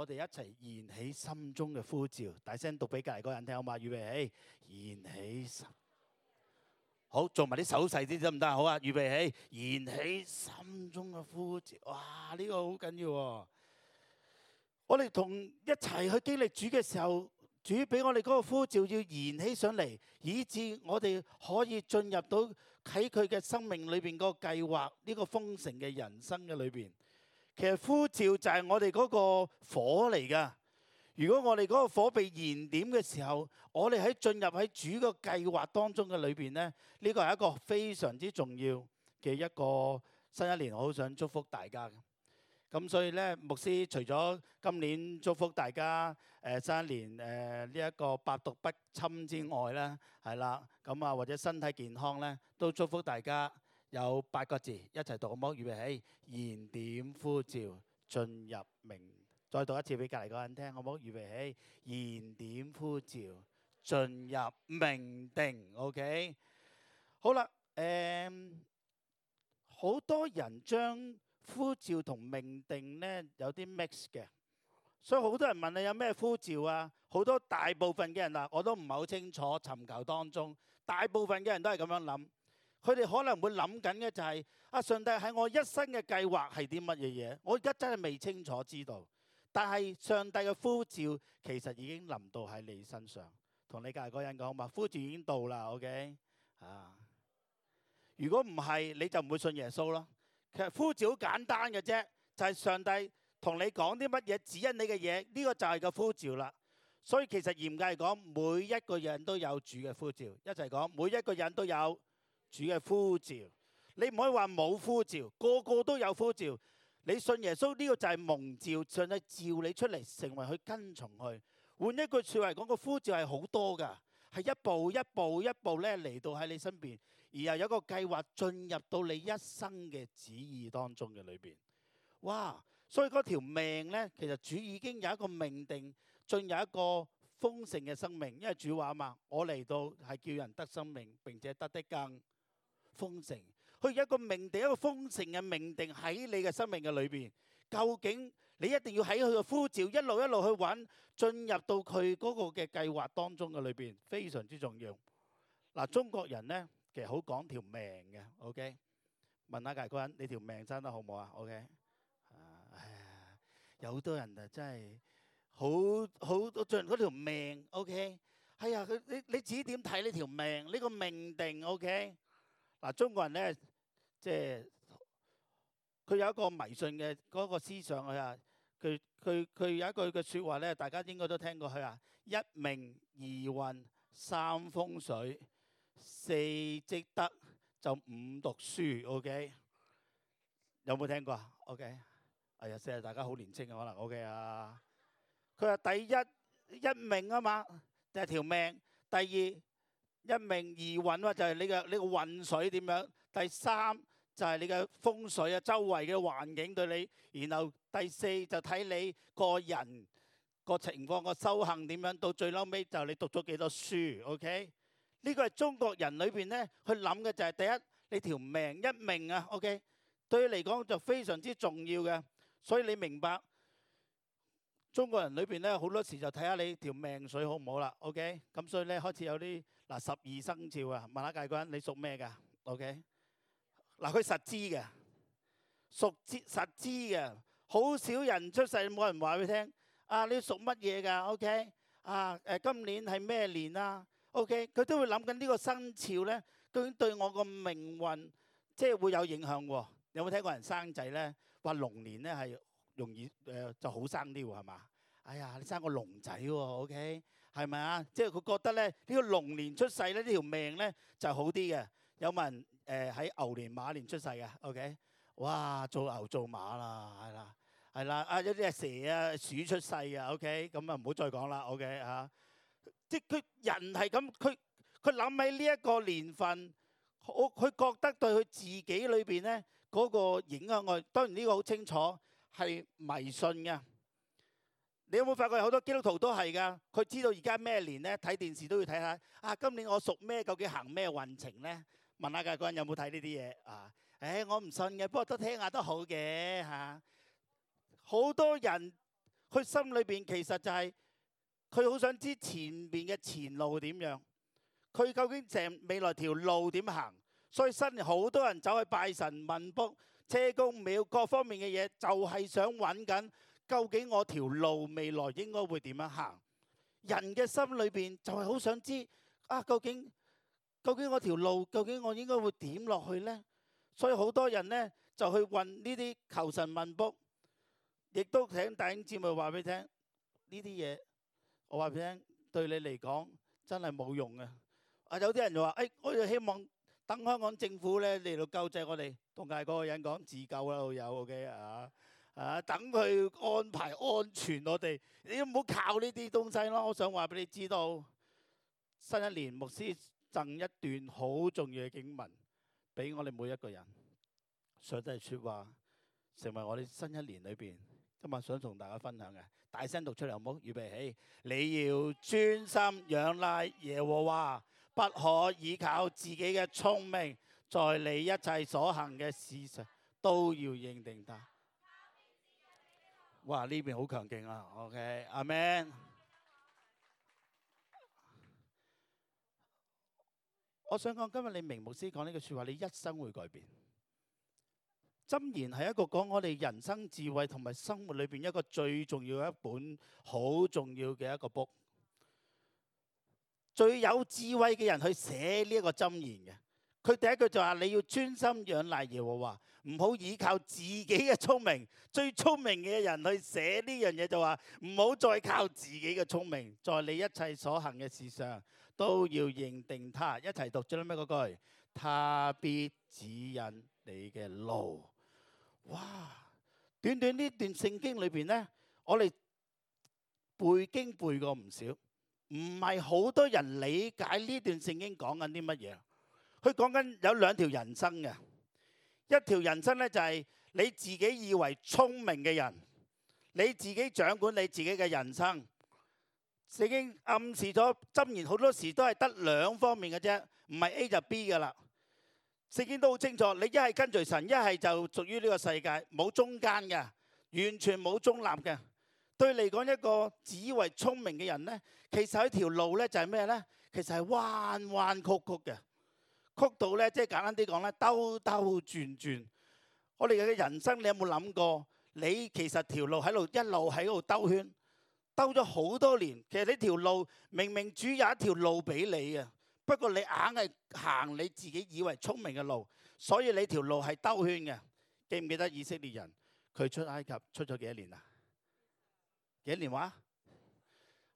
我哋一齊燃起心中嘅呼召，大聲讀俾隔籬嗰人聽好嘛！預備起，燃起心。好，做埋啲手勢先得唔得啊？好啊！預備起，燃起心中嘅呼召。哇！呢個好緊要。我哋同一齊去經歷主嘅時候，主俾我哋嗰個呼召要燃起上嚟，以致我哋可以進入到喺佢嘅生命裏邊嗰個計劃，呢個豐盛嘅人生嘅裏邊。其實呼召就係我哋嗰個火嚟㗎。如果我哋嗰個火被燃點嘅時候，我哋喺進入喺主嘅計劃當中嘅裏邊咧，呢個係一個非常之重要嘅一個新一年，我好想祝福大家嘅。咁所以咧，牧師除咗今年祝福大家誒新一年誒呢一個百毒不侵之外咧，係啦，咁啊或者身體健康咧，都祝福大家。有八個字一，一齊讀好唔好？預備起，燃點呼召進入命定。再讀一次俾隔籬個人聽好唔好？預備起，燃點呼召進入命定。OK，好啦，誒、嗯，好多人將呼召同命定咧有啲 mix 嘅，所以好多人問你有咩呼召啊？好多大部分嘅人嗱，我都唔係好清楚。尋求當中大部分嘅人都係咁樣諗。佢哋可能會諗緊嘅就係啊，上帝喺我一生嘅計劃係啲乜嘢嘢？我而家真係未清楚知道。但係上帝嘅呼召其實已經臨到喺你身上，同你隔離嗰人講嘛，呼召已經到啦。OK 啊，如果唔係你就唔會信耶穌咯。其實呼召好簡單嘅啫，就係上帝同你講啲乜嘢指引你嘅嘢，呢個就係個呼召啦。所以其實嚴格嚟講，每一個人都有主嘅呼召。一齊講，每一個人都有。主嘅呼召，你唔可以話冇呼召，個個都有呼召。你信耶穌呢個就係蒙召，上帝召你出嚟成為去跟從佢。換一句說話嚟講，個呼召係好多噶，係一步一步一步咧嚟到喺你身邊，而又有一個計劃進入到你一生嘅旨意當中嘅裏邊。哇！所以嗰條命咧，其實主已經有一個命定，進入一個豐盛嘅生命，因為主話啊嘛，我嚟到係叫人得生命，並且得的更豐盛，佢一個命定一個豐盛嘅命定喺你嘅生命嘅裏邊。究竟你一定要喺佢嘅呼召一路一路去揾進入到佢嗰個嘅計劃當中嘅裏邊，非常之重要。嗱，中國人咧其實好講條命嘅。OK，問下大君，你條命生得好唔好啊？OK，啊，有好多人啊，真係好好盡嗰條命。OK，哎呀，佢你你自己點睇呢條命呢個命定？OK。啊、中國人呢，即係佢有一個迷信嘅嗰個思想佢啊，佢有一句嘅説話咧，大家應該都聽過佢話：一命二運三風水四積德，就五讀書。OK，有冇聽過啊？OK，哎呀，即係大家好年青啊，可能 OK 啊。佢話第一一命啊嘛，就係條命。第二。一命二運啦，就係你嘅呢個運水點樣？第三就係你嘅風水啊，周圍嘅環境對你，然後第四就睇你個人個情況個修行點樣。到最嬲尾就你讀咗幾多書？OK？呢個係中國人裏邊咧，去諗嘅就係第一你條命一命啊，OK？對佢嚟講就非常之重要嘅。所以你明白中國人裏邊咧，好多時就睇下你條命水好唔好啦。OK？咁所以咧開始有啲。嗱，十二生肖啊，問下界嗰人你屬咩噶？OK，嗱，佢實知嘅，屬知實知嘅，好少人出世冇人話佢聽。啊，你屬乜嘢噶？OK，啊誒，今年係咩年啊？OK，佢都會諗緊呢個生肖咧，究竟對我個命運即係會有影響喎？有冇聽過人生仔咧？話龍年咧係容易誒就好生啲係嘛？哎呀，你生個龍仔喎，OK。係咪啊？即係佢覺得咧，呢個龍年出世咧，呢條命咧就好啲嘅。有冇人誒喺牛年馬年出世嘅？OK，哇，做牛做馬啦，係啦，係啦。啊，有啲蛇啊、鼠出世嘅。OK，咁啊，唔好再講啦。OK 嚇，即係佢人係咁，佢佢諗起呢一個年份，佢佢覺得對佢自己裏面咧嗰個影響，我當然呢個好清楚係迷信嘅。你有冇發覺好多基督徒都係噶？佢知道而家咩年呢？睇電視都要睇下。啊，今年我屬咩？究竟行咩運程呢？問下嘅嗰人有冇睇呢啲嘢啊？誒、哎，我唔信嘅，不過都聽下都好嘅嚇。好、啊、多人佢心裏邊其實就係佢好想知前面嘅前路點樣，佢究竟成未來條路點行？所以新年好多人走去拜神、問卜、車公廟各方面嘅嘢，就係、是、想揾緊。究竟我條路未來應該會點樣行？人嘅心裏邊就係好想知啊！究竟究竟我條路，究竟我應該會點落去咧？所以好多人咧就去搵呢啲求神問卜，亦都請頂節目話俾你聽呢啲嘢。我話俾你聽對你嚟講真係冇用嘅。啊，有啲人就話，誒，我哋希望等香港政府咧嚟到救濟我哋。同大嗰個人講自救啦，老友，OK 啊？啊！等佢安排安全我哋，你都唔好靠呢啲東西咯。我想話俾你知道，新一年牧師贈一段好重要嘅經文俾我哋每一個人，上帝説話，成為我哋新一年裏邊今日想同大家分享嘅，大聲讀出嚟，好唔好？預備起，hey, 你要專心仰賴耶和華，不可以靠自己嘅聰明，在你一切所行嘅事上都要認定他。哇！呢邊好強勁啊，OK，Amen。我想講今日你明牧師講呢句説話，你一生會改變。箴言係一個講我哋人生智慧同埋生活裏邊一個最重要一本好重要嘅一個 book，最有智慧嘅人去寫呢個箴言嘅。佢第一句就話你要專心仰賴耶和華，唔好依靠自己嘅聰明。最聰明嘅人去寫呢樣嘢就話唔好再靠自己嘅聰明，在你一切所行嘅事上都要認定他。一齊讀最尾嗰句，他必指引你嘅路。哇！短短呢段聖經裏面咧，我哋背經背過唔少，唔係好多人理解呢段聖經講緊啲乜嘢。佢講緊有兩條人生嘅，一條人生咧就係你自己以為聰明嘅人，你自己掌管你自己嘅人生。聖經暗示咗，箴言好多時都係得兩方面嘅啫，唔係 A 就 B 嘅啦。聖經都好清楚，你一係跟隨神，一係就屬於呢個世界，冇中間嘅，完全冇中立嘅。對嚟講一個自以為聰明嘅人咧，其實佢條路咧就係咩咧？其實係彎彎曲曲嘅。曲到咧，即係簡單啲講咧，兜兜轉轉。我哋嘅人生，你有冇諗過？你其實條路喺度，一路喺度兜圈，兜咗好多年。其實呢條路明明主要有一條路俾你啊，不過你硬係行你自己以為聰明嘅路，所以你條路係兜圈嘅。記唔記得以色列人佢出埃及出咗幾多年啊？幾多年話？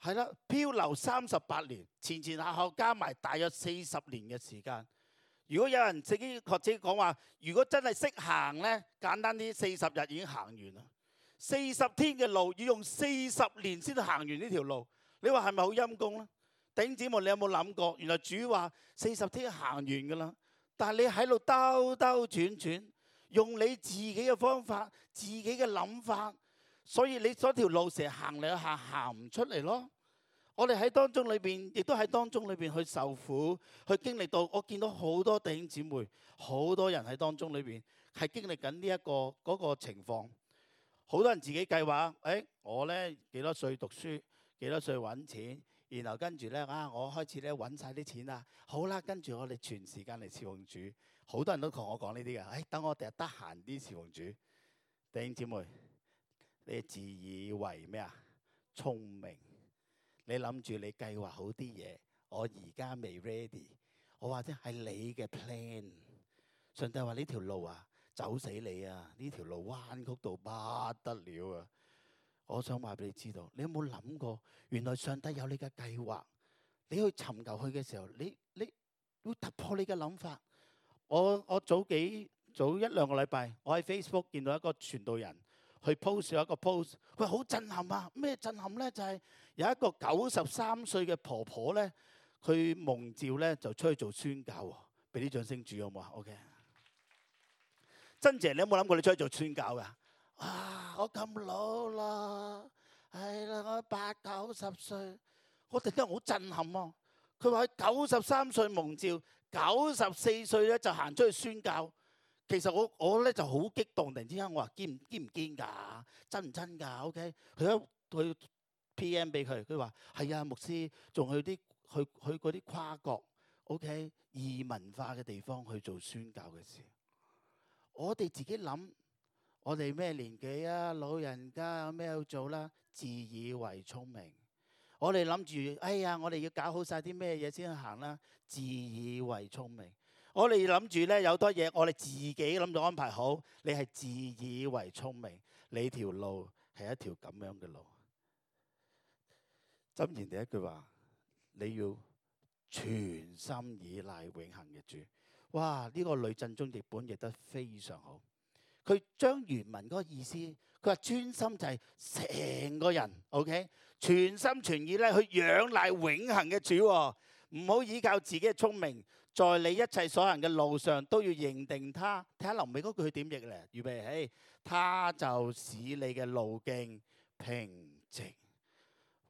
係啦，漂流三十八年，前前後後加埋大約四十年嘅時間。如果有人自己學者講話，如果真係識行咧，簡單啲四十日已經行完啦。四十天嘅路要用四十年先至行完呢條路，你話係咪好陰功呢？頂子望你有冇諗過？原來主話四十天行完㗎喇，但係你喺度兜兜轉轉，用你自己嘅方法、自己嘅諗法，所以你嗰條路成日行兩下行唔出嚟咯。我哋喺當中裏邊，亦都喺當中裏邊去受苦，去經歷到。我見到好多弟兄姊妹，好多人喺當中裏邊係經歷緊呢一個嗰、這個情況。好多人自己計劃，誒、哎，我咧幾多歲讀書，幾多歲揾錢，然後跟住咧啊，我開始咧揾晒啲錢啊，好啦，跟住我哋全時間嚟侍奉主。好多人都同我講呢啲嘅，誒、哎，等我第日得閒啲侍奉主。弟兄姊妹，你自以為咩啊？聰明。你諗住你計劃好啲嘢，我而家未 ready，我話啫係你嘅 plan。上帝話：呢條路啊，走死你啊！呢條路彎曲到不得了啊！我想話俾你知道，你有冇諗過？原來上帝有你嘅計劃。你去尋求佢嘅時候，你你會突破你嘅諗法。我我早幾早一兩個禮拜，我喺 Facebook 見到一個傳道人去 post 咗一個 post，佢好震撼啊！咩震撼咧？就係、是、～有一個九十三歲嘅婆婆咧，佢蒙召咧就出去做宣教啊！俾啲掌聲住好唔好啊？OK，真姐，你有冇諗過你出去做宣教噶？哇！我咁老咯，係啦，我八九十歲，我突然間好震撼啊！佢話係九十三歲蒙召，九十四歲咧就行出去宣教。其實我我咧就好激動，突然之間我話堅唔堅唔堅噶，真唔真噶？OK，佢喺佢。P.M. 俾佢，佢話：係啊，牧師仲去啲去去嗰啲跨國、O.K. 異文化嘅地方去做宣教嘅事。我哋自己諗，我哋咩年紀啊？老人家有咩好做啦？自以為聰明。我哋諗住，哎呀，我哋要搞好晒啲咩嘢先行啦？自以為聰明。我哋諗住咧，有多嘢，我哋自己諗到安排好。你係自以為聰明，你條路係一條咁樣嘅路。箴言第一句話，你要全心倚賴永恆嘅主。哇！呢、這個呂振中譯本譯得非常好，佢將原文嗰個意思，佢話專心就係成個人，OK？全心全意咧去仰賴永恆嘅主，唔、哦、好依靠自己嘅聰明，在你一切所行嘅路上都要認定他。睇下林美嗰句佢點譯咧？預備起，他就使你嘅路徑平靜。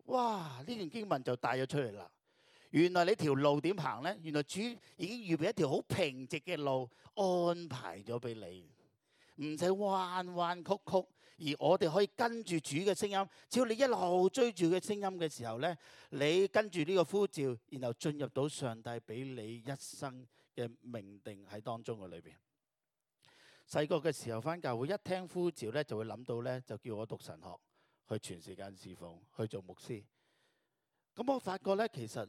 哇！呢段經文就帶咗出嚟啦。原來你條路點行呢？原來主已經預備一條好平直嘅路，安排咗俾你，唔使彎彎曲曲。而我哋可以跟住主嘅聲音，只要你一路追住嘅聲音嘅時候呢，你跟住呢個呼召，然後進入到上帝俾你一生嘅命定喺當中嘅裏邊。細個嘅時候返教會，一聽呼召呢，就會諗到呢，就叫我讀神學。去全時間侍奉，去做牧師。咁我發覺咧，其實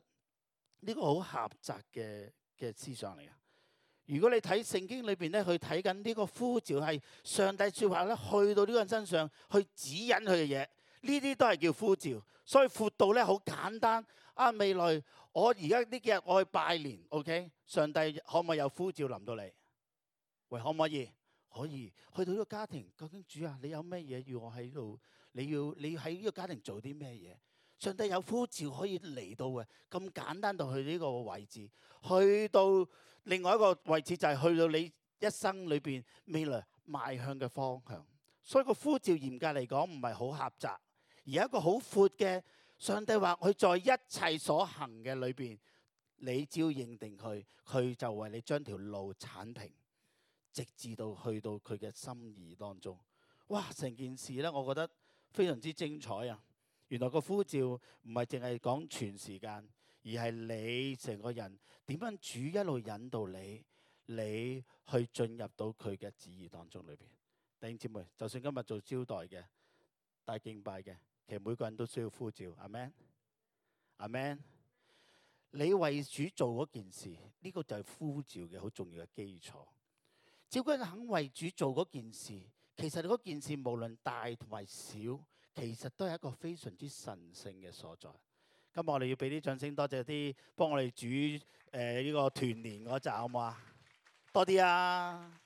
呢個好狹窄嘅嘅思想嚟啊！如果你睇聖經裏邊咧，去睇緊呢個呼召係上帝說話咧，去到呢個人身上去指引佢嘅嘢，呢啲都係叫呼召。所以闊到咧好簡單啊！未來我而家呢幾日我去拜年，OK？上帝可唔可以有呼召臨到你？喂，可唔可以？可以去到呢個家庭？究竟主啊，你有咩嘢要我喺度？你要你要喺呢個家庭做啲咩嘢？上帝有呼召可以嚟到嘅，咁簡單到去呢個位置，去到另外一個位置就係去到你一生裏邊未來邁向嘅方向。所以個呼召嚴格嚟講唔係好狹窄，而一個好闊嘅。上帝話佢在一切所行嘅裏邊，你只要認定佢，佢就為你將條路鏟平，直至到去到佢嘅心意當中。哇！成件事咧，我覺得～非常之精彩啊！原來個呼召唔係淨係講全時間，而係你成個人點樣主一路引導你，你去進入到佢嘅旨意當中裏邊。弟兄姊妹，就算今日做招待嘅、帶敬拜嘅，其實每個人都需要呼召。阿 amen，阿 amen。你為主做嗰件事，呢個就係呼召嘅好重要嘅基礎。只要個人肯為主做嗰件事。其實嗰件事無論大同埋小，其實都係一個非常之神聖嘅所在。咁我哋要俾啲掌聲，多謝啲幫我哋煮誒呢、呃這個團年嗰集好唔好啊？多啲啊！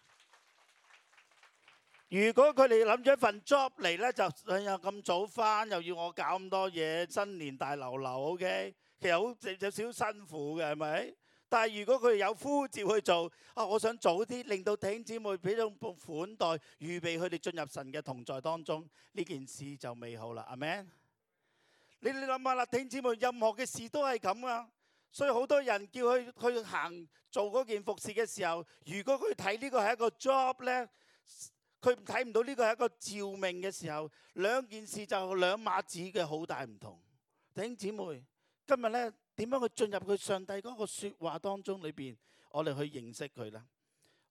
如果佢哋諗咗份 job 嚟咧，就哎呀，咁、嗯、早翻，又要我搞咁多嘢，新年大流流，OK？其實好有少少辛苦嘅，係咪？但係如果佢哋有呼召去做啊，我想早啲令到弟兄姊妹俾到款待，預備佢哋進入神嘅同在當中，呢件事就美好啦。Amen， 你你諗下啦，弟兄姊妹任何嘅事都係咁啊。所以好多人叫佢去行做嗰件服侍嘅時候，如果佢睇呢個係一個 job 咧，佢睇唔到呢個係一個召命嘅時候，兩件事就兩碼子嘅好大唔同。弟兄姊妹，今日咧。點樣去進入佢上帝嗰個說話當中裏邊，我哋去認識佢啦。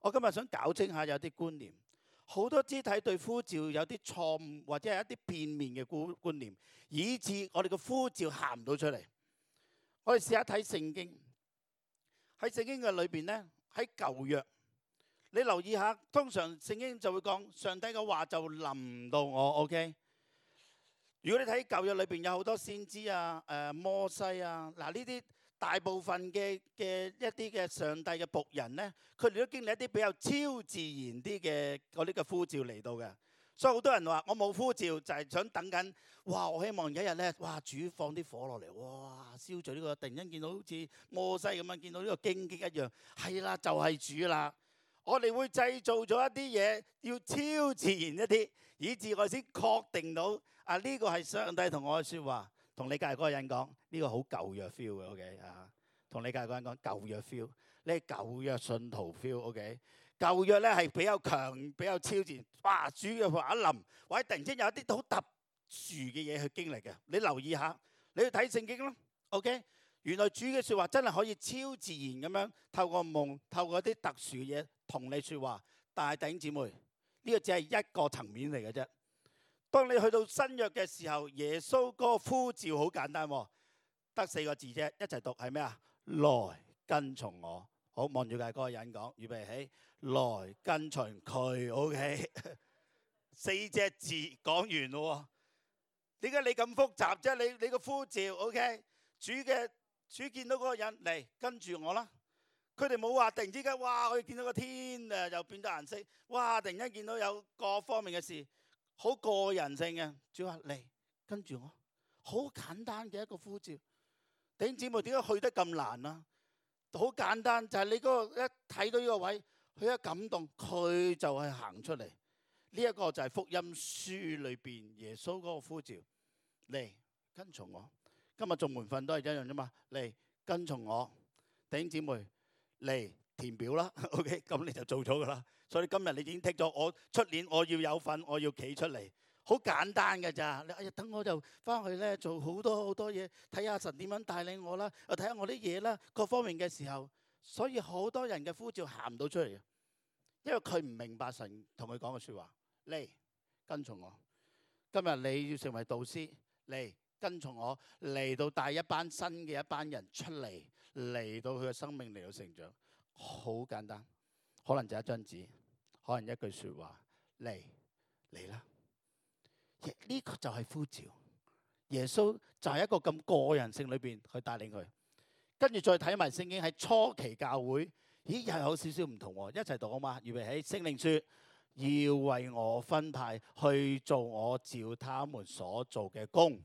我今日想搞清下有啲觀念，好多肢體對呼召有啲錯誤或者係一啲片面嘅觀念，以致我哋嘅呼召行唔到出嚟。我哋試下睇聖經，喺聖經嘅裏邊呢，喺舊約，你留意下，通常聖經就會講上帝嘅話就臨唔到我，OK？如果你睇舊約裏面有好多先知啊，摩西啊，嗱呢啲大部分嘅一啲嘅上帝嘅僕人呢，佢哋都經歷一啲比較超自然啲嘅嗰啲嘅呼召嚟到嘅，所以好多人話我冇呼召，就係、是、想等緊，哇我希望有一日咧，哇主放啲火落嚟，哇燒咗呢、這個，突然間見到好似摩西咁樣，見到呢個荊棘一樣，係啦、啊、就係主啦。我哋會製造咗一啲嘢，要超自然一啲，以致我先確定到啊呢個係上帝同我嘅説話。同你介嗰個人講，呢個好舊約 feel 嘅，OK 啊？同你介嗰個人講舊約 feel，呢舊約信徒 feel，OK？舊約咧係比較強、比較超自然。哇！主嘅話一臨，或者，突然之間有一啲好特殊嘅嘢去經歷嘅，你留意下，你要睇聖經咯，OK？原來主嘅説話真係可以超自然咁樣透過夢、透過啲特殊嘅嘢。同你説話，弟兄姊妹，呢、這個只係一個層面嚟嘅啫。當你去到新約嘅時候，耶穌嗰個呼召好簡單，得四個字啫。一齊讀係咩啊？來跟從我。好，望住嘅嗰個人講，預備起，來跟從佢。OK， 四隻字講完咯。點解你咁複雜啫？你你個呼召，OK，主嘅主見到嗰個人嚟跟住我啦。佢哋冇話突然之間哇，佢見到個天誒又變咗顏色，哇！突然間見到有各方面嘅事，好個人性嘅，主話嚟，跟住我，好簡單嘅一個呼召。頂姊妹點解去得咁難啊？好簡單就係、是、你嗰個一睇到呢個位，佢一感動，佢就係行出嚟。呢、這、一個就係福音書裏邊耶穌嗰個呼召，嚟跟從我。今日做門訓都係一樣啫嘛，嚟跟從我，頂姊妹。嚟填表啦，OK，咁你就做咗噶啦。所以今日你已經剔咗，我出年我要有份，我要企出嚟，好簡單嘅咋？你，哎呀，等我就翻去咧，做好多好多嘢，睇下神點樣帶領我啦，又睇下我啲嘢啦，各方面嘅時候，所以好多人嘅呼召行唔到出嚟，因為佢唔明白神同佢講嘅説話。嚟跟從我，今日你要成為導師，嚟跟從我，嚟到帶一班新嘅一班人出嚟。嚟到佢嘅生命嚟到成長，好簡單，可能就一張紙，可能一句説話，嚟嚟啦，呢個就係呼召。耶穌就係一個咁個人性裏邊去帶領佢，跟住再睇埋聖經喺初期教會，咦又有少少唔同喎，啊，一齊讀啊嘛，預備起聖靈說要為我分派去做我召他們所做嘅工。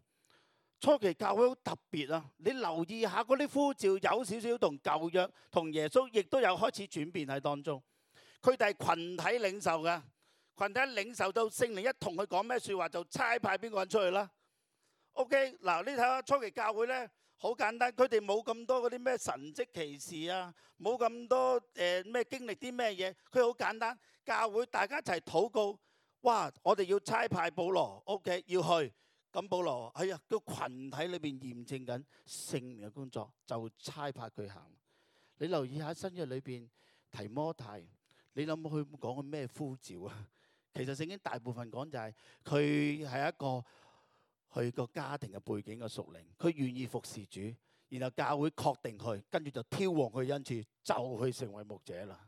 初期教會好特別啊！你留意下嗰啲呼召，有少少同舊約同耶穌，亦都有開始轉變喺當中。佢哋係群體領受嘅，群體領受到聖靈一同佢講咩説話，就差派邊個人出去啦。OK，嗱，你睇下初期教會咧，好簡單，佢哋冇咁多嗰啲咩神蹟奇事啊，冇咁多誒咩、呃、經歷啲咩嘢，佢好簡單。教會大家一齊禱告，哇！我哋要差派保羅，OK，要去。咁保羅哎呀，啊、那，個群體裏邊驗證緊聖名嘅工作，就差派佢行。你留意下新約裏邊提摩太，你諗佢講緊咩呼召啊？其實聖經大部分講就係佢係一個佢個家庭嘅背景嘅屬靈，佢願意服侍主，然後教會確定佢，跟住就挑旺佢恩賜，就去成為牧者啦。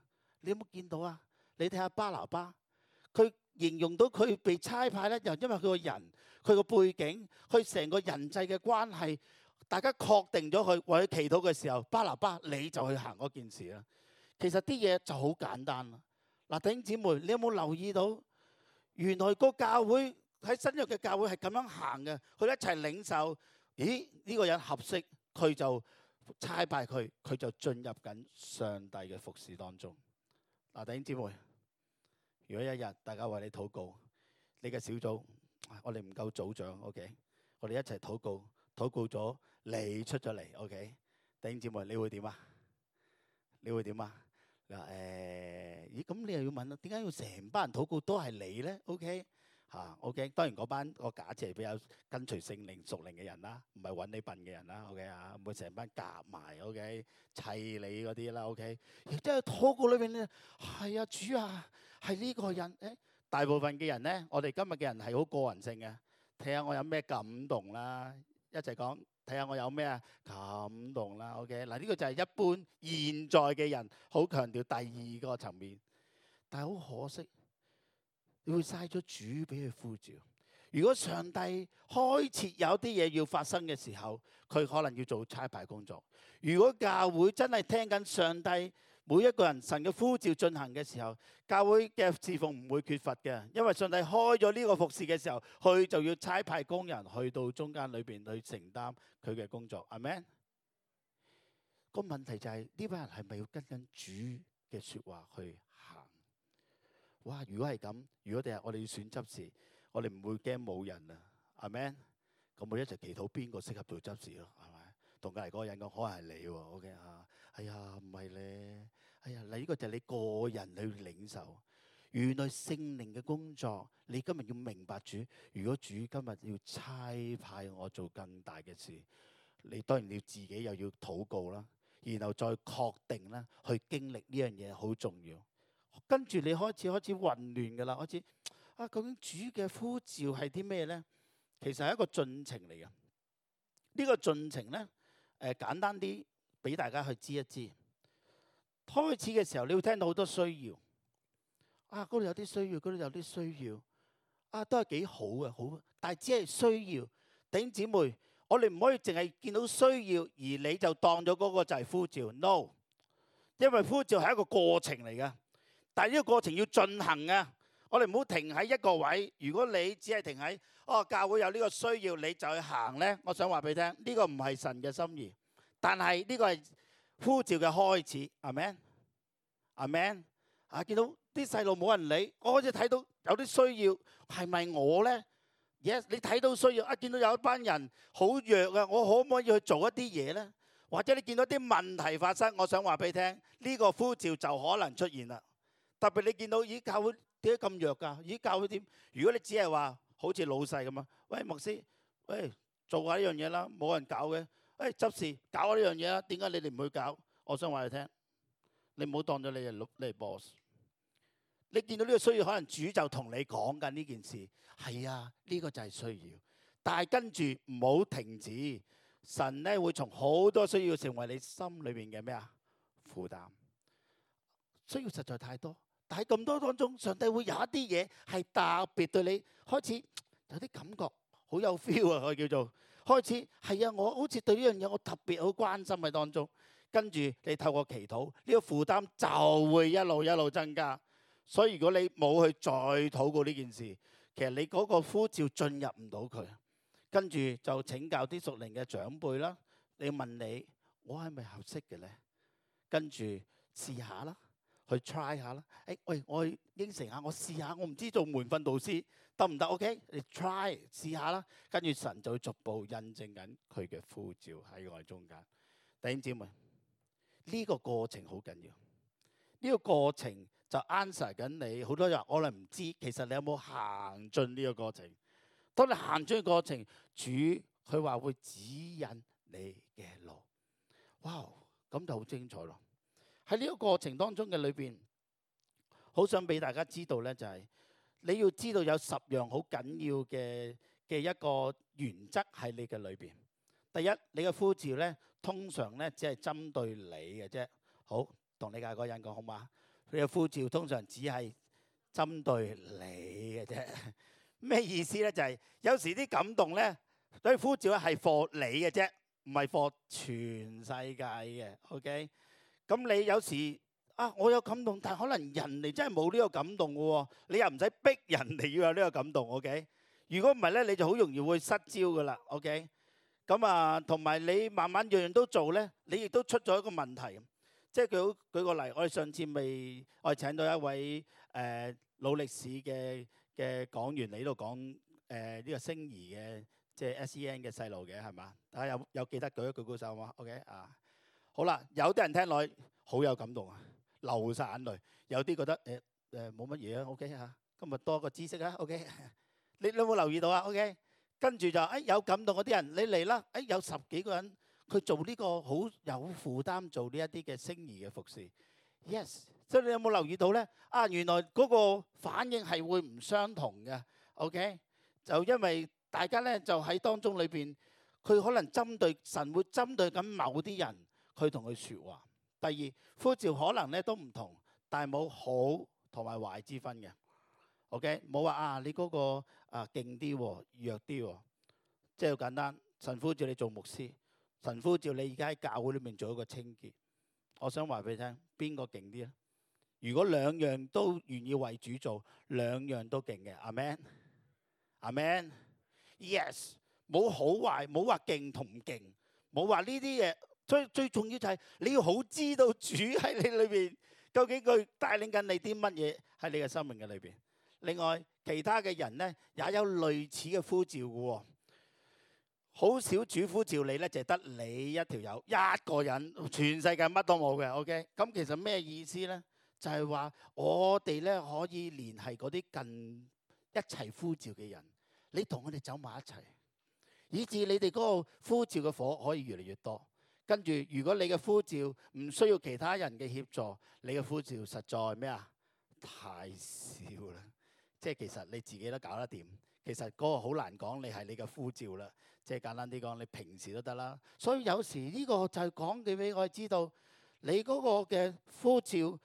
你有冇見到啊？你睇下巴拿巴，佢。形容到佢被差派咧，又因為佢個人、佢個背景、佢成個人際嘅關係，大家確定咗佢為佢祈禱嘅時候，巴拿巴你就去行嗰件事啦。其實啲嘢就好簡單啦。嗱，弟兄姊妹，你有冇留意到？原來個教會喺新約嘅教會係咁樣行嘅，佢一齊領受。咦，呢個人合適，佢就差派佢，佢就進入緊上帝嘅服侍當中。嗱，弟兄姊妹。如果有一日大家為你禱告，你嘅小組我哋唔夠組長，OK，我哋一齊禱告，禱告咗你出咗嚟，OK，弟兄姐妹，你會點啊？你會點啊？你話誒、欸，咦咁你又要問啦？點解要成班人禱告都係你咧？OK。啊，OK，當然嗰班我假設係比較跟隨聖靈屬靈嘅人啦，唔係揾你笨嘅人啦，OK 啊，唔會成班夾埋，OK，砌你嗰啲啦，OK，亦都喺禱告裏邊咧，係啊，主啊，係呢個人，誒、欸，大部分嘅人咧，我哋今日嘅人係好個人性嘅，睇下我有咩感動啦，一齊講，睇下我有咩啊感動啦，OK，嗱、啊、呢、這個就係一般現在嘅人好強調第二個層面，但係好可惜。你會嘥咗主俾佢呼召。如果上帝開始有啲嘢要發生嘅時候，佢可能要做差派工作。如果教會真係聽緊上帝每一個人神嘅呼召進行嘅時候，教會嘅侍奉唔會缺乏嘅。因為上帝開咗呢個服事嘅時候，佢就要差派工人去到中間裏邊去承擔佢嘅工作。阿們，個問題就係呢班人係咪要跟緊主嘅說話去？哇！如果係咁，如果第日我哋要選執事，我哋唔會驚冇人啊，Amen？係咪？咁我一齊祈禱邊個適合做執事咯，係咪？同隔離嗰個人講，可能係你喎。OK 啊？哎呀，唔係咧。哎呀，嗱，呢個就係你個人去領受。原來聖靈嘅工作，你今日要明白主。如果主今日要差派我做更大嘅事，你當然要自己又要禱告啦，然後再確定啦，去經歷呢樣嘢好重要。跟住你開始開始混亂嘅啦，開始啊究竟主嘅呼召係啲咩咧？其實係一個進程嚟嘅。這個、進呢個進程咧，誒、呃、簡單啲俾大家去知一知。開始嘅時候，你會聽到好多需要。啊，嗰度有啲需要，嗰度有啲需要。啊，都係幾好嘅，好。但係只係需要。弟兄姊妹，我哋唔可以淨係見到需要，而你就當咗嗰個就係呼召。No，因為呼召係一個過程嚟嘅。但係呢個過程要進行啊！我哋唔好停喺一個位。如果你只係停喺哦，教會有呢個需要你就去行咧，我想話俾你聽，呢個唔係神嘅心意，但係呢個係呼召嘅開始。阿 amen，阿 amen 啊！見到啲細路冇人理，我開始睇到有啲需要，係咪我咧？Yes，你睇到需要，啊，見到有一班人好弱啊，我可唔可以去做一啲嘢咧？或者你見到啲問題發生，我想話俾你聽，呢個呼召就可能出現啦。特別你見到依教會點解咁弱㗎？依教會點？如果你只係話好似老細咁啊，喂牧師，喂做下呢樣嘢啦，冇人搞嘅，誒執事搞下呢樣嘢啦，點解你哋唔去搞？我想話你聽，你唔好當咗你係老你係 boss。你見到呢個需要，可能主就同你講緊呢件事，係啊，呢個就係需要。但係跟住唔好停止，神咧會從好多需要成為你心裏邊嘅咩啊負擔。需要實在太多。但係咁多當中，上帝會有一啲嘢係特別對你開始有啲感覺，好有 feel 啊！佢叫做開始係啊，我好似對呢樣嘢我特別好關心嘅當中，跟住你透過祈禱呢個負擔就會一路一路增加。所以如果你冇去再禱過呢件事，其實你嗰個呼召進入唔到佢，跟住就請教啲熟齡嘅長輩啦，你問你我係咪合適嘅咧？跟住試下啦。去 try 下啦！哎喂，我去應承下，我試下，我唔知做門訓導師得唔得？OK，你 try 試下啦。跟住神就會逐步印證緊佢嘅呼召喺我哋中間。弟兄姊妹，呢個過程好緊要。呢個過程就 answer 緊你。好多嘢我哋唔知，其實你有冇行進呢個過程？當你行進嘅過程，主佢話會指引你嘅路。哇！咁就好精彩咯～喺呢個過程當中嘅裏邊，好想俾大家知道呢、就是，就係你要知道有十樣好緊要嘅嘅一個原則喺你嘅裏邊。第一，你嘅呼召呢，通常呢，只係針對你嘅啫。好，同你家嗰人講好嘛？你嘅呼召通常只係針對你嘅啫。咩意思呢？就係、是、有時啲感動咧，對呼召咧係 for 你嘅啫，唔係 for 全世界嘅。OK。咁你有時啊，我有感動，但係可能人哋真係冇呢個感動嘅喎，你又唔使逼人哋要有呢個感動，OK？如果唔係咧，你就好容易會失焦㗎喇，OK？咁啊，同埋你慢慢樣樣都做咧，你亦都出咗一個問題，即係舉舉個例，我哋上次未，我哋請到一位誒老歷史嘅嘅講員嚟度講誒呢個星兒嘅，即係 S.E.N. 嘅細路嘅係嘛？大家有有記得舉一舉高手好嗎？OK？啊。好啦，有啲人聽落去好有感動啊，流曬眼淚；有啲覺得誒誒冇乜嘢啊。OK 嚇，今日多個知識啊。OK，你你有冇留意到啊？OK，跟住就誒有感動嗰啲人，你嚟啦！誒有十幾個人，佢做呢個好有負擔，做呢一啲嘅聖儀嘅服事。Yes，即係你有冇留意到咧？啊，原來嗰個反應係會唔相同嘅。OK，就因為大家咧就喺當中裏邊，佢可能針對神會針對緊某啲人。去同佢説話。第二，呼召可能咧都唔同，但係冇好同埋壞之分嘅。OK，冇話啊，你嗰個啊勁啲喎，弱啲喎，即係好簡單神呼召你做牧師，神呼召你而家喺教會裏面做一個清潔。我想話俾你聽，邊個勁啲咧？如果兩樣都願意為主做，兩樣都勁嘅。阿 Man，阿 Man，Yes，冇好壞，冇話勁同唔勁，冇話呢啲嘢。最最重要就係你要好知道主喺你裏邊究竟佢帶領緊你啲乜嘢喺你嘅生命嘅裏邊。另外，其他嘅人咧也有類似嘅呼召嘅喎，哦，好少主呼召你咧就係得你一條友一個人，全世界乜都冇嘅。OK，咁其實咩意思咧？就係、是、話我哋咧可以連繫嗰啲近一齊呼召嘅人，你同我哋走埋一齊，以致你哋嗰個呼召嘅火可以越嚟越多。跟住，如果你嘅呼召唔需要其他人嘅協助，你嘅呼召實在咩啊？太少啦！即係其實你自己都搞得掂。其實嗰個好難講，你係你嘅呼召啦。即係簡單啲講，你平時都得啦。所以有時呢個就係講你俾我知道，你嗰個嘅呼召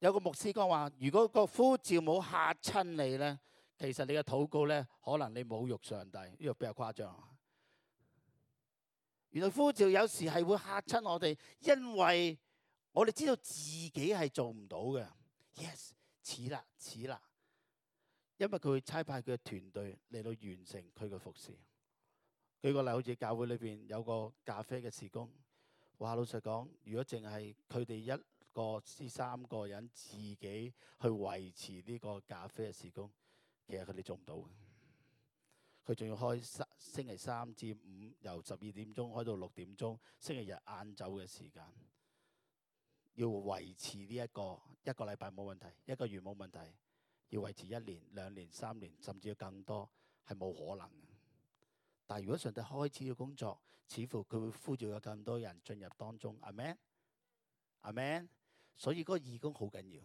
有個牧師講話，如果個呼召冇嚇親你呢，其實你嘅禱告呢，可能你侮辱上帝，呢個比較誇張。原來呼召有時係會嚇親我哋，因為我哋知道自己係做唔到嘅。Yes，似啦似啦，因為佢會差派佢嘅團隊嚟到完成佢嘅服侍。舉個例，好似教會裏邊有個咖啡嘅事工，話，老實講，如果淨係佢哋一個至三個人自己去維持呢個咖啡嘅事工，其實佢哋做唔到嘅。佢仲要開三星期三至五由十二點鐘開到六點鐘，星期日晏晝嘅時間要維持呢、這個、一個一個禮拜冇問題，一個月冇問題，要維持一年、兩年、三年，甚至要更多，係冇可能。但如果上帝開始嘅工作，似乎佢會呼召有更多人進入當中。阿 Man，阿 Man，所以嗰個義工好緊要。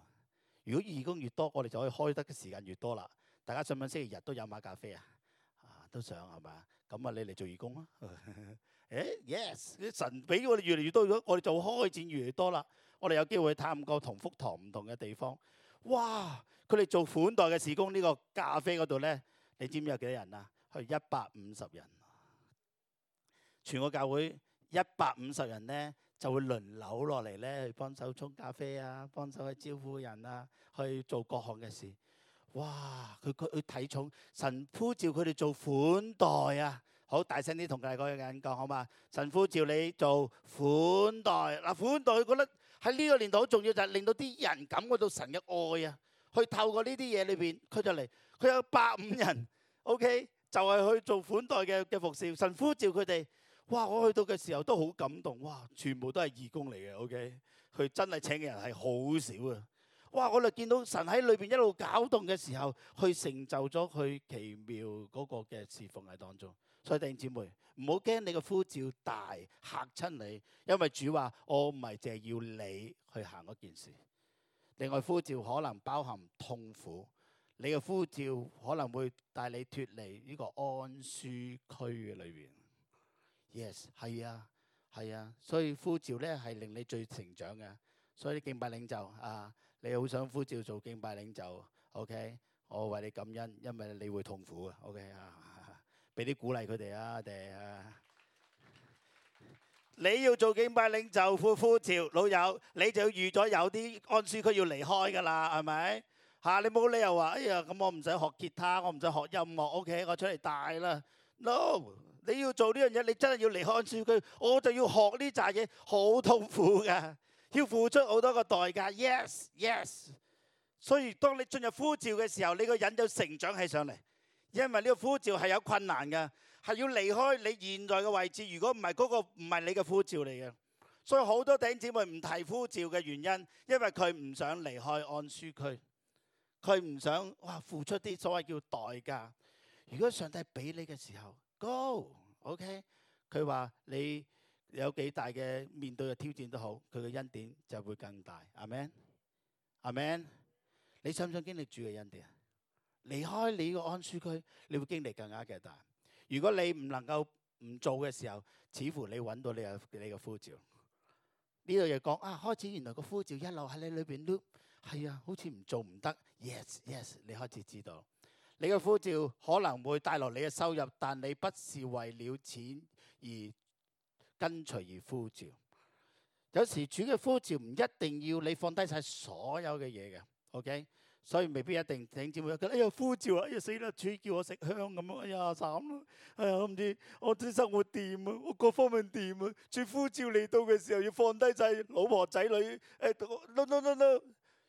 如果義工越多，我哋就可以開得嘅時間越多啦。大家信唔信星期日都有賣咖啡啊？都想係嘛？咁啊，你嚟做義工啊？誒，yes！啲神俾我哋越嚟越多，如果我哋做開展越嚟越多啦。我哋有機會去探過同福堂唔同嘅地方。哇！佢哋做款待嘅事工，呢個咖啡嗰度咧，你知唔知有幾多人啊？係一百五十人，全個教會一百五十人咧，就會輪流落嚟咧，去幫手沖咖啡啊，幫手去招呼人啊，去做各項嘅事。哇！佢佢佢體重，神呼召佢哋做款待啊！好大聲啲，同大家講一講好嘛？神呼召你做款待嗱、啊、款待，佢覺得喺呢個年代好重要，就係、是、令到啲人感覺到神嘅愛啊！去透過呢啲嘢裏邊，佢就嚟佢有百五人，OK，就係去做款待嘅嘅服侍。神呼召佢哋，哇！我去到嘅時候都好感動，哇！全部都係義工嚟嘅，OK，佢真係請嘅人係好少啊。哇！我哋見到神喺裏邊一路搞動嘅時候，去成就咗佢奇妙嗰個嘅侍奉喺當中。所以弟姐妹唔好驚你嘅呼召大嚇親你，因為主話我唔係淨係要你去行嗰件事。另外呼召可能包含痛苦，你嘅呼召可能會帶你脫離呢個安舒區嘅裏邊。嗯、Yes，係啊係啊，所以呼召咧係令你最成長嘅。所以敬拜領袖啊！你好想呼召做敬拜領袖？OK，我為你感恩，因為你會痛苦嘅。OK 啊，俾啲鼓勵佢哋啊，定啊！你要做敬拜領袖，呼呼召老友，你就預咗有啲安舒區要離開㗎啦，係咪？嚇你冇理由話，哎呀，咁我唔使學吉他，我唔使學音樂，OK，我出嚟帶啦。No，你要做呢樣嘢，你真係要離開安舒區，我就要學呢扎嘢，好痛苦㗎。要付出好多個代價，yes yes。所以當你進入呼召嘅時候，你個人就成長起上嚟，因為呢個呼召係有困難嘅，係要離開你現在嘅位置。如果唔係，嗰個唔係你嘅呼召嚟嘅。所以好多頂姐妹唔提呼召嘅原因，因為佢唔想離開安舒區，佢唔想哇付出啲所謂叫代價。如果上帝俾你嘅時候，go，ok，okay? 佢話你。有幾大嘅面對嘅挑戰都好，佢嘅恩典就會更大。阿門，阿門。你想唔想經歷主嘅恩典？離開你個安舒區，你會經歷更加嘅大，大。如果你唔能夠唔做嘅時候，似乎你揾到你嘅你嘅呼召。呢度又講啊，開始原來個呼召一路喺你裏面 loop。係啊，好似唔做唔得。Yes，Yes，yes, 你開始知道，你嘅呼召可能會帶嚟你嘅收入，但你不是為了錢而，跟隨而呼召，有時主嘅呼召唔一定要你放低晒所有嘅嘢嘅，OK，所以未必一定頂住會覺得哎呀呼召，啊、哎，23, 哎呀死啦主叫我食香咁，哎呀慘啦，哎呀我唔知我啲生活掂啊，我各方面掂啊，主呼召你到嘅時候要放低晒老婆仔女，誒、哎，no no no no，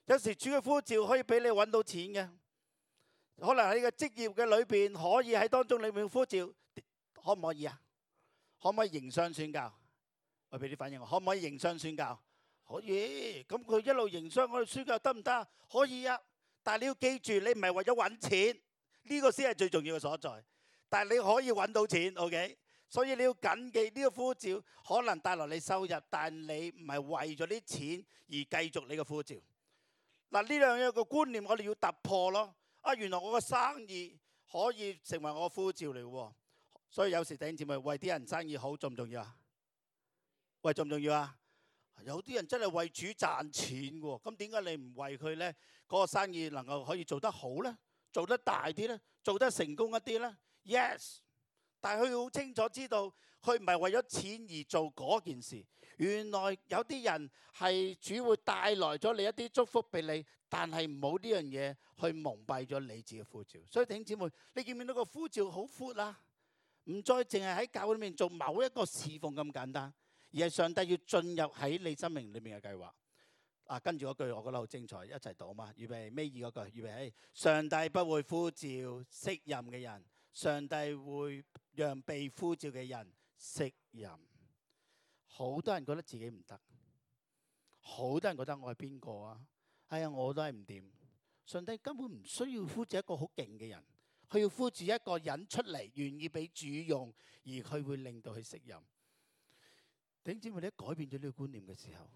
有時主嘅呼召可以俾你搵到錢嘅，可能喺呢個職業嘅裏邊可以喺當中裏面呼召，可唔可以啊？可唔可以營商宣教？我俾啲反應，可唔可以營商宣教？可以，咁佢一路營商，我哋宣教得唔得？可以啊，但係你要記住，你唔係為咗揾錢，呢個先係最重要嘅所在。但係你可以揾到錢，OK？所以你要謹記呢個呼召可能帶來你收入，但你唔係為咗啲錢而繼續你嘅呼召。嗱，呢兩樣嘅觀念我哋要突破咯。啊，原來我嘅生意可以成為我嘅呼召嚟嘅喎。所以有時弟兄姊妹為啲人生意好重唔重要啊？喂，重唔重要啊？有啲人真係為主賺錢喎，咁點解你唔為佢咧？嗰個生意能夠可以做得好咧，做得大啲咧，做得成功一啲咧？Yes，但係佢好清楚知道佢唔係為咗錢而做嗰件事。原來有啲人係主會帶來咗你一啲祝福俾你，但係冇呢樣嘢去矇蔽咗你自己呼召。所以弟兄姊妹，你見唔見到個呼召好闊啊？唔再淨係喺教會裏面做某一個侍奉，咁簡單，而係上帝要進入喺你生命裏面嘅計劃。嗱、啊，跟住嗰句我覺得好精彩，一齊讀啊嘛！預備，尾二嗰句。預備，上帝不會呼召適任嘅人，上帝會讓被呼召嘅人適任。好多人覺得自己唔得，好多人覺得我係邊個啊？哎呀，我都係唔掂。上帝根本唔需要呼召一個好勁嘅人。佢要呼召一個人出嚟，願意俾主用，而佢會令到佢適任。弟兄姊妹，你一改變咗呢個觀念嘅時候，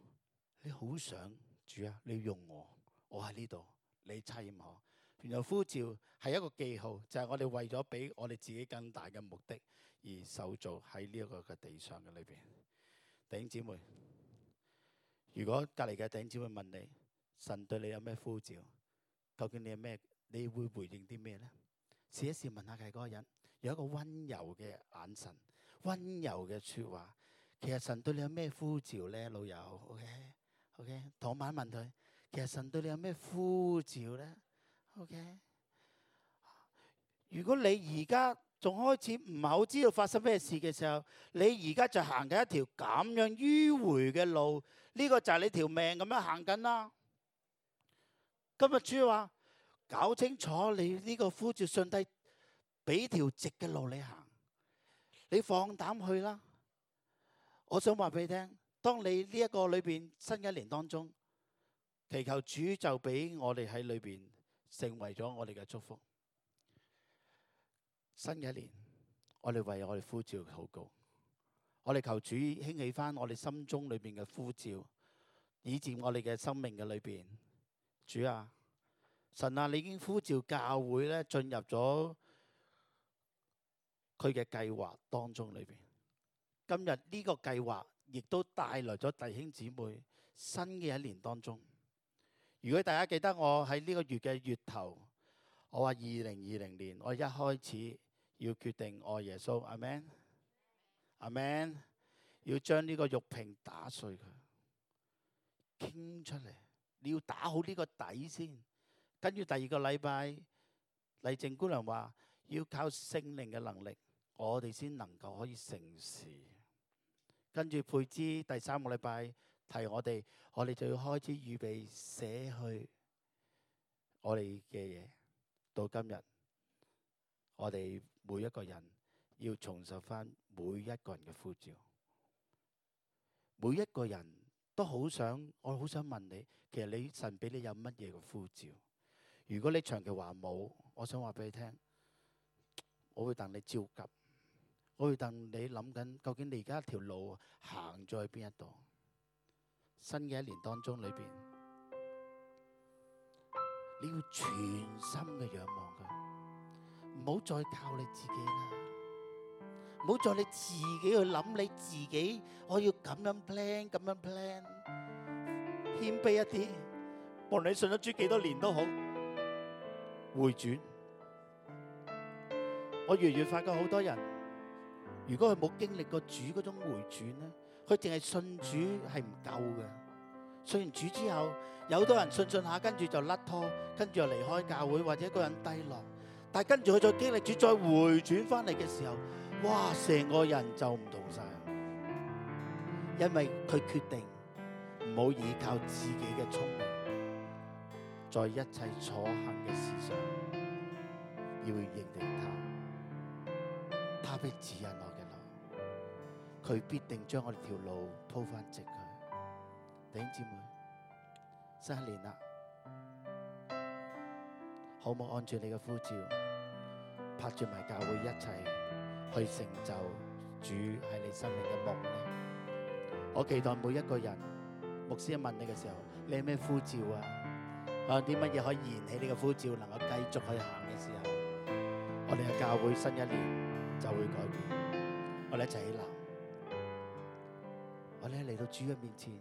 你好想主啊！你要用我，我喺呢度，你差遣我。然後呼召係一個記號，就係、是、我哋為咗俾我哋自己更大嘅目的而受造喺呢一個嘅地上嘅裏邊。弟兄姊妹，如果隔離嘅弟兄姊妹問你：神對你有咩呼召？究竟你有咩？你會回應啲咩咧？試一試問一下佢嗰個人，有一個溫柔嘅眼神、溫柔嘅說話。其實神對你有咩呼召呢？老友？OK？OK？、Okay? Okay? 躺板問佢。其實神對你有咩呼召呢 o、okay? k 如果你而家仲開始唔係好知道發生咩事嘅時候，你而家就行緊一條咁樣迂迴嘅路，呢、這個就係你條命咁樣行緊啦。今日主話。搞清楚，你呢個呼召，上帝俾條直嘅路你行，你放膽去啦！我想話俾你聽，當你呢一個裏邊新一年當中，祈求主就俾我哋喺裏邊成為咗我哋嘅祝福。新嘅一年，我哋為我哋呼召禱告，我哋求主興起翻我哋心中裏邊嘅呼召，以至我哋嘅生命嘅裏邊，主啊！神啊，你已經呼召教會咧進入咗佢嘅計劃當中裏邊。今日呢個計劃亦都帶來咗弟兄姊妹新嘅一年當中。如果大家記得我喺呢個月嘅月頭，我話二零二零年我一開始要決定愛耶穌，阿門，阿門，要將呢個玉瓶打碎佢，傾出嚟。你要打好呢個底先。跟住第二個禮拜，黎靜姑娘話要靠聖靈嘅能力，我哋先能夠可以成事。跟住配芝第三個禮拜提我哋，我哋就要開始預備寫去我哋嘅嘢。到今日，我哋每一個人要重拾翻每一個人嘅呼召。每一個人都好想，我好想問你，其實你神俾你有乜嘢嘅呼召？如果你長期話冇，我想話俾你聽，我會等你焦急，我會等你諗緊，究竟你而家條路行咗去邊一度？新嘅一年當中裏邊，你要全心嘅仰望佢，唔好再靠你自己啦，唔好再你自己去諗你自己，我要咁樣 plan，咁樣 plan，謙卑一啲，無論你信咗主幾多年都好。回轉，我越來越發覺好多人，如果佢冇經歷過主嗰種回轉咧，佢淨係信主係唔夠嘅。信完主之後，有好多人信信下，跟住就甩拖，跟住就離開教會，或者一個人低落。但係跟住佢再經歷主，再回轉翻嚟嘅時候，哇，成個人就唔同晒，因為佢決定唔好依靠自己嘅聰明。在一切所行嘅事上，要認定他，他必指引我嘅路，佢必定將我條路鋪翻直佢。弟兄姊妹，新年啦，好冇按住你嘅呼召，拍住埋教會一齊去成就主喺你生命嘅夢呢。我期待每一個人，牧師一問你嘅時候，你係咩呼召啊？啊！啲乜嘢可以燃起你個呼召，能夠繼續去行嘅時候，我哋嘅教會新一年就會改變。我哋一齊起，起立，我哋嚟到主嘅面前，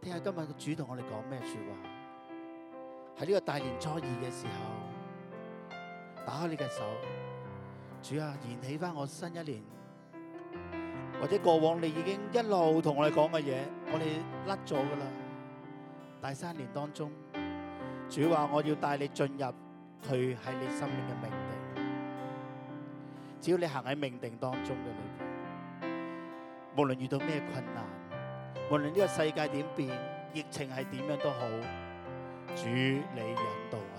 聽下今日嘅主同我哋講咩説話。喺呢個大年初二嘅時候，打開你嘅手，主啊，燃起翻我新一年，或者過往你已經一路同我哋講嘅嘢，我哋甩咗㗎喇。第三年當中。主話我要帶你進入佢喺你生命嘅命定。只要你行喺命定當中嘅裏邊，無論遇到咩困難，無論呢個世界點變，疫情係點樣都好，主你引導。